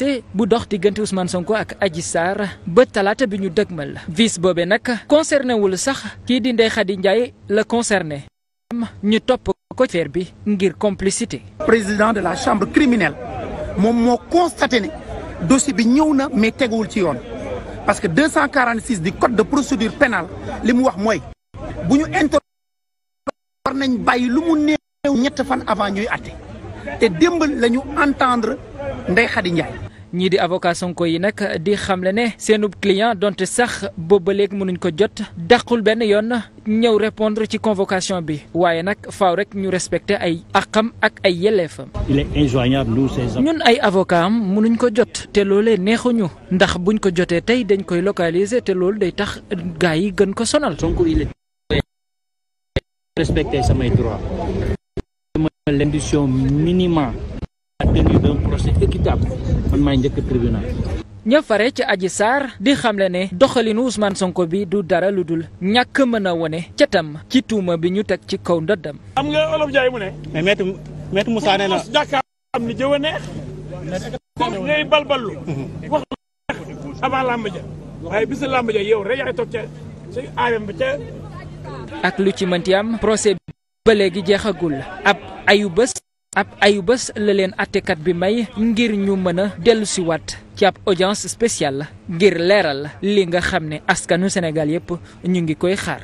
procès bu dox diggante Ousmane Sonko ak Adji Sarr ba talaata bi ñu la vice boobe nag concerné wul sax kii di Ndeye Khady Ndiaye la concerné ñu topp ko affaire bi ngir complicité. président de la chambre criminelle moom moo constaté ne dossier bi ñëw na mais teguwul ci yoon parce que 246 du code de procédure pénale li mu wax mooy bu ñu inter nañ bàyyi lu mu ñett fan avant ñuy atte te démb la ñu entendre Ndeye Khady Ndiaye ñii di avocat Sonko yi nag di xamle ne seenub client donte sax booba léegi mënuñ ko jot dàqul benn yoon ñëw répondre ci convocation bi waaye nag faaw rekk ñu respecter ay àqam ak ay yelleefam. il est ay avocat am mënuñ ko jot te loolee neexuñu ndax buñ ko jotee tey dañ koy localiser te lool day tax gaa yi gën ko sonal. Sonko il est respecter samay droits. l'indication minimum. d'un procès équitable man maay njëkk tribunal. ña fare ci Adji Sarr di xamle ne doxalinu Ousmane Sonko bi du dara lu dul ñàkk mën a wone ca ci tuuma bi ñu teg ci kaw ndoddam. am nga Olof Ndiaye mu ne. mais maître maître Moussa nee na. am ni jëw a ak lu ci mënti am procès ba léegi jeexagul ab ayu ab ayu bés la leen bi may ngir ñu mën a dellu si waat ci ab audience spéciale ngir leeral li nga xam ne askanu Sénégal yépp ñu ngi koy xaar